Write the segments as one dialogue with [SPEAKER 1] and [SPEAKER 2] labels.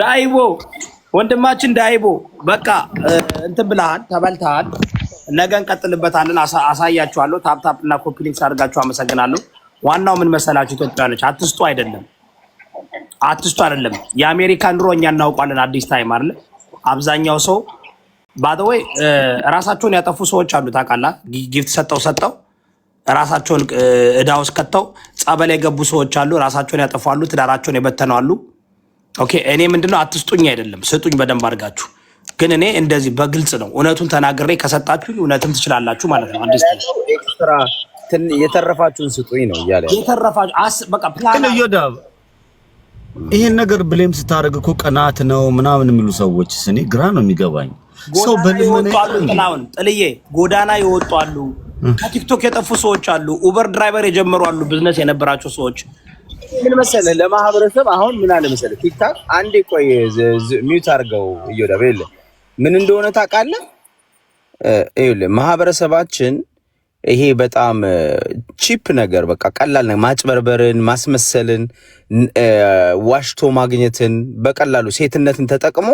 [SPEAKER 1] ዳይቦ ወንድማችን ዳይቦ በቃ እንትን ብለሃል፣ ተበልተሃል። ነገ እንቀጥልበታለን፣ አሳያችኋለሁ። ታፕታፕ እና ኮፒሊንክስ አድርጋችሁ አመሰግናለሁ። ዋናው ምን መሰላችሁ ኢትዮጵያኖች፣ አትስጡ አይደለም አትስቱ አይደለም። የአሜሪካን ኑሮ እኛ እናውቋለን። አዲስ ታይም አለ። አብዛኛው ሰው ባደወይ ራሳቸውን ያጠፉ ሰዎች አሉ። ታቃላ ጊፍት ሰጠው ሰጠው ራሳቸውን እዳ ውስጥ ከተው ጸበል የገቡ ሰዎች አሉ። ራሳቸውን ያጠፋሉ፣ ትዳራቸውን አሉ። ኦኬ እኔ ምንድነው አትስጡኝ አይደለም፣ ስጡኝ በደንብ አድርጋችሁ። ግን እኔ እንደዚህ በግልጽ ነው እውነቱን ተናግሬ ከሰጣችሁ እውነትም ትችላላችሁ ማለት ነው።
[SPEAKER 2] የተረፋችሁን ስጡኝ ነው እያለ
[SPEAKER 1] የተረፋችሁ በቃ ፕላን
[SPEAKER 3] ይሄን ነገር ብሌም ስታደርግ እኮ ቅናት ነው ምናምን የሚሉ ሰዎች ስኔ ግራ ነው የሚገባኝ።
[SPEAKER 1] ሰው በልመናሁን ጥልዬ ጎዳና የወጡ አሉ፣ ከቲክቶክ የጠፉ ሰዎች አሉ፣ ኡበር ድራይቨር የጀመሩ አሉ፣ ብዝነስ የነበራቸው ሰዎች
[SPEAKER 2] ምን መሰለህ ለማህበረሰብ አሁን ምን አለ መሰለህ ቲክታክ አንዴ ቆይ ሚውት አድርገው እየወዳብ የለ ምን እንደሆነ ታውቃለህ? ይኸውልህ ማህበረሰባችን ይሄ በጣም ቺፕ ነገር በቃ ቀላል ነገር ማጭበርበርን፣ ማስመሰልን፣ ዋሽቶ ማግኘትን በቀላሉ ሴትነትን ተጠቅሞ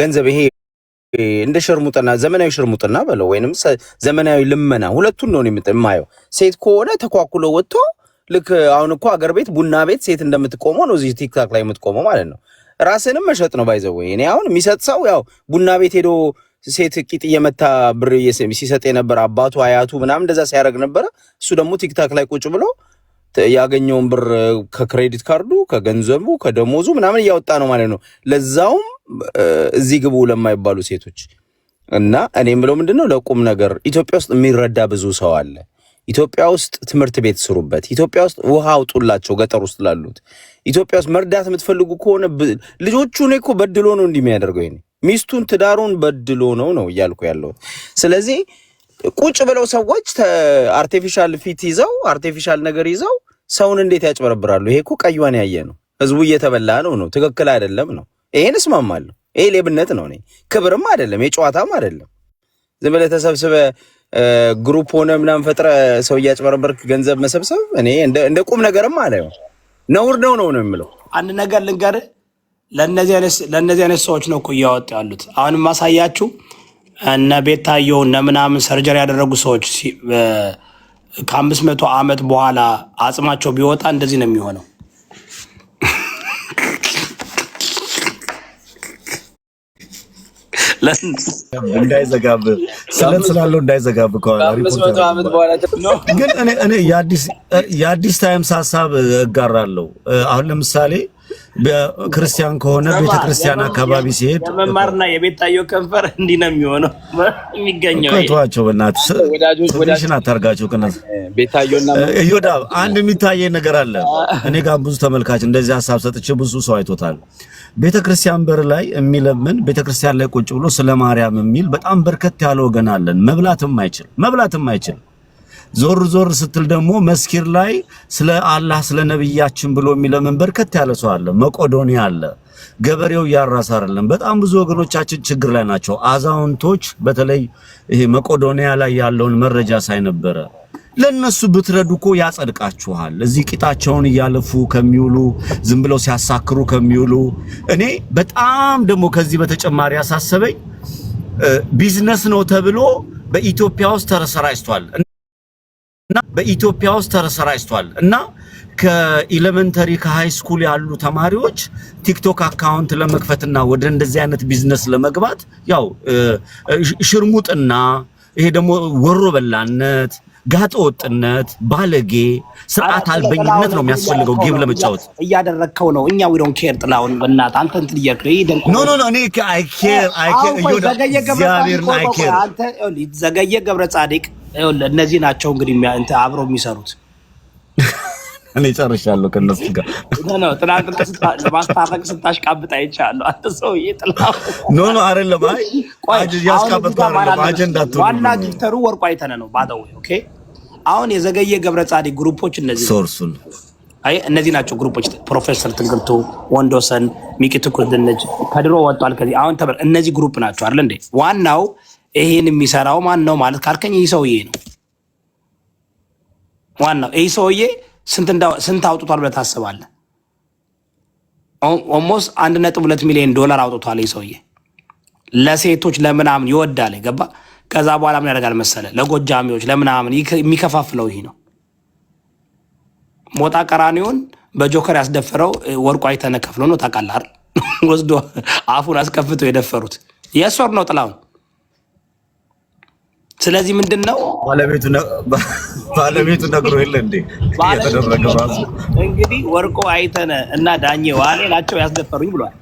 [SPEAKER 2] ገንዘብ ይሄ እንደ ሸርሙጥና ዘመናዊ ሸርሙጥና በለው ወይንም ዘመናዊ ልመና ሁለቱን ነው የማየው። ሴት ከሆነ ተኳኩሎ ወጥቶ ልክ አሁን እኮ አገር ቤት ቡና ቤት ሴት እንደምትቆመው ነው እዚህ ቲክታክ ላይ የምትቆመው ማለት ነው። ራስንም መሸጥ ነው ባይዘው። እኔ አሁን የሚሰጥ ሰው ያው ቡና ቤት ሄዶ ሴት ቂጥ እየመታ ብር ሲሰጥ የነበረ አባቱ አያቱ ምናምን እንደዛ ሲያደርግ ነበረ። እሱ ደግሞ ቲክታክ ላይ ቁጭ ብሎ ያገኘውን ብር ከክሬዲት ካርዱ ከገንዘቡ ከደሞዙ ምናምን እያወጣ ነው ማለት ነው። ለዛውም እዚህ ግቡ ለማይባሉ ሴቶች እና እኔም ብለው ምንድነው ለቁም ነገር ኢትዮጵያ ውስጥ የሚረዳ ብዙ ሰው አለ። ኢትዮጵያ ውስጥ ትምህርት ቤት ስሩበት። ኢትዮጵያ ውስጥ ውሃ አውጡላቸው ገጠር ውስጥ ላሉት። ኢትዮጵያ ውስጥ መርዳት የምትፈልጉ ከሆነ ልጆቹ እኔ እኮ በድሎ ነው እንዲህ የሚያደርገው ይሄ ሚስቱን ትዳሩን በድሎ ነው ነው እያልኩ ያለሁት። ስለዚህ ቁጭ ብለው ሰዎች አርቲፊሻል ፊት ይዘው አርቲፊሻል ነገር ይዘው ሰውን እንዴት ያጭበረብራሉ? ይሄ እኮ ቀዩን ያየ ነው። ህዝቡ እየተበላ ነው ነው ትክክል አይደለም ነው። ይሄን እስማማለሁ። ይሄ ሌብነት ነው። እኔ ክብርም አይደለም የጨዋታም አይደለም። ዝም ብለህ ተሰብስበህ ግሩፕ ሆነ ምናምን ፈጥረ ሰው እያጭበረበርክ ገንዘብ መሰብሰብ እኔ እንደ ቁም ነገርም አለ ነውር ነው ነው ነው የምለው።
[SPEAKER 1] አንድ ነገር ልንገር፣ ለእነዚህ አይነት ሰዎች ነው እኮ እያወጡ ያሉት። አሁንም ማሳያችሁ እነ ቤታየው እነ ምናምን ሰርጀሪ ያደረጉ ሰዎች ከአምስት መቶ ዓመት በኋላ አጽማቸው ቢወጣ እንደዚህ ነው የሚሆነው።
[SPEAKER 3] እንዳይዘጋብህ ስለት ስላለው እንዳይዘጋብ ግን እኔ የአዲስ ታይምስ ሀሳብ እጋራለሁ። አሁን ለምሳሌ ክርስቲያን ከሆነ ቤተክርስቲያን አካባቢ ሲሄድ
[SPEAKER 1] የመማርና የቤታየው ከንፈር እንዲህ ነው የሚሆነው። የሚገኘው
[SPEAKER 3] ተዋቸው፣ በእናትሽን አታርጋቸው። ቅነት ይሁዳ አንድ የሚታየኝ ነገር አለ። እኔ ጋር ብዙ ተመልካች እንደዚህ ሀሳብ ሰጥቼ ብዙ ሰው አይቶታል። ቤተክርስቲያን በር ላይ የሚለምን ቤተክርስቲያን ላይ ቁጭ ብሎ ስለ ማርያም የሚል በጣም በርከት ያለ ወገን አለን። መብላትም አይችል መብላትም አይችል ዞር ዞር ስትል ደግሞ መስኪር ላይ ስለ አላህ ስለ ነብያችን ብሎ የሚለምን በርከት ያለ ሰው አለ። መቆዶኒ አለ። ገበሬው እያራሰ አይደለም። በጣም ብዙ ወገኖቻችን ችግር ላይ ናቸው። አዛውንቶች በተለይ ይሄ መቆዶኒያ ላይ ያለውን መረጃ ሳይነበረ ለነሱ ብትረዱ እኮ ያጸድቃችኋል። እዚህ ቂጣቸውን እያለፉ ከሚውሉ ዝም ብለው ሲያሳክሩ ከሚውሉ እኔ በጣም ደግሞ ከዚህ በተጨማሪ ያሳሰበኝ ቢዝነስ ነው ተብሎ በኢትዮጵያ ውስጥ ተሰራጭቷል። እና በኢትዮጵያ ውስጥ ተሰራጭቷል እና ከኢሌመንተሪ ከሃይ ስኩል ያሉ ተማሪዎች ቲክቶክ አካውንት ለመክፈትና ወደ እንደዚህ አይነት ቢዝነስ ለመግባት ያው ሽርሙጥና ይሄ ደግሞ ወሮ በላነት ጋጠ ወጥነት፣ ባለጌ፣ ስርዓት አልበኝነት ነው የሚያስፈልገው ጌም ለመጫወት።
[SPEAKER 1] እያደረግከው ነው። እኛ ዊዶን ኬር ጥላውን በእናትህ አንተ እንትን
[SPEAKER 3] ኖ ኖ ኖ እኔ አይ ኬር አይ ኬር
[SPEAKER 1] ዘገየ ገብረ ጻድቅ እነዚህ ናቸው እንግዲህ አብረው የሚሰሩት
[SPEAKER 3] እኔ ጨርሻለሁ ከነሱ ጋር
[SPEAKER 1] ትናንትና ለማስታረቅ ስታሽቃብጥ አይቻለሁ። አንተ ሰውዬ
[SPEAKER 3] ኖ ኖ አይደለም
[SPEAKER 1] ዋና ጊፍተሩ ወርቁ አይተነ ነው ባደው ኦኬ። አሁን የዘገየ ገብረ ጻድቅ ግሩፖች እነዚህ ሶርሱን አይ እነዚህ ናቸው ግሩፖች። ፕሮፌሰር ትንግርቱ ወንዶሰን፣ ሚቂ ትኩር ድንች ከድሮ ወጥቷል። ከዚህ አሁን ተበር እነዚህ ግሩፕ ናቸው አይደል እንዴ? ዋናው ይሄን የሚሰራው ማን ነው ማለት ካልከኝ ይህ ሰውዬ ነው ዋናው ይህ ሰውዬ ስንት አውጥቷል ብለህ ታስባለህ? ኦልሞስት አንድ ነጥብ ሁለት ሚሊዮን ዶላር አውጥቷል ይህ ሰውዬ ለሴቶች ለምናምን ይወዳል ገባ። ከዛ በኋላ ምን ያደርጋል መሰለ ለጎጃሚዎች ለምናምን የሚከፋፍለው ይህ ነው። ሞጣ ቀራኒውን በጆከር ያስደፈረው ወርቋ የተነከፍለው ነው። ታውቃለህ አይደል? ወስዶ አፉን አስከፍተው የደፈሩት የሶር ነው ጥላውን ስለዚህ ምንድን ነው
[SPEAKER 3] ባለቤቱ ነግሮ የለ እንዴ?
[SPEAKER 1] እየተደረገ ራሱ እንግዲህ ወርቆ አይተነ እና ዳኘ ዋሌ ናቸው ያስደፈሩኝ ብሏል።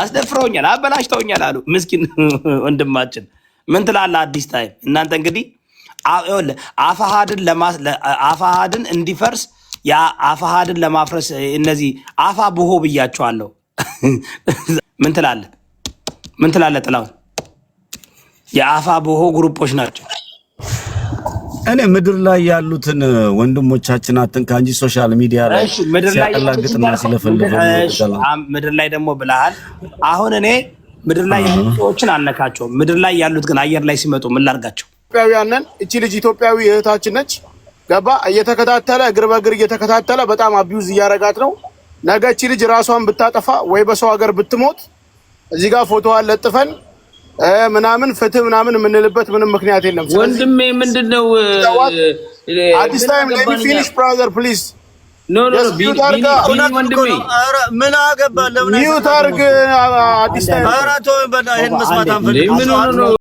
[SPEAKER 1] አስደፍረውኛል፣ አበላሽተውኛል አሉ። ምስኪን ወንድማችን ምን ትላለ? አዲስ ታይም እናንተ እንግዲህ አፋሃድን እንዲፈርስ አፋሃድን ለማፍረስ እነዚህ አፋ ብሆ ብያቸዋለሁ። ምን ትላለ? ምን ትላለ ጥላሁን የአፋ ቦሆ ግሩፖች ናቸው።
[SPEAKER 3] እኔ ምድር ላይ ያሉትን ወንድሞቻችን አትንካ እንጂ ሶሻል ሚዲያ ላይ
[SPEAKER 1] ሲያቀላግጥና ስለፈለገ ምድር ላይ ደግሞ ብለሃል። አሁን እኔ ምድር ላይ ሰዎችን አልነካቸውም። ምድር ላይ ያሉት ግን አየር ላይ ሲመጡ ምን ላድርጋቸው?
[SPEAKER 4] ኢትዮጵያውያንን እቺ ልጅ ኢትዮጵያዊ እህታችን ነች። ገባ እየተከታተለ እግር በእግር እየተከታተለ በጣም አቢዩዝ እያረጋት ነው። ነገ እቺ ልጅ ራሷን ብታጠፋ ወይ በሰው ሀገር ብትሞት እዚህ ጋር ፎቶዋን ለጥፈን ምናምን ፍትህ ምናምን የምንልበት ምንም ምክንያት የለም።
[SPEAKER 1] ወንድሜ ምንድን ነው
[SPEAKER 4] አዲስ ታይም ሌሚ ፊኒሽ ብራዘር ፕሊዝ
[SPEAKER 1] ኖ ኖ ወንድሜ ምን አገባህ? ለምን አዲስ ታይም ኧረ ተወው በእናትህ ይሄን መስማት አንፈልግም።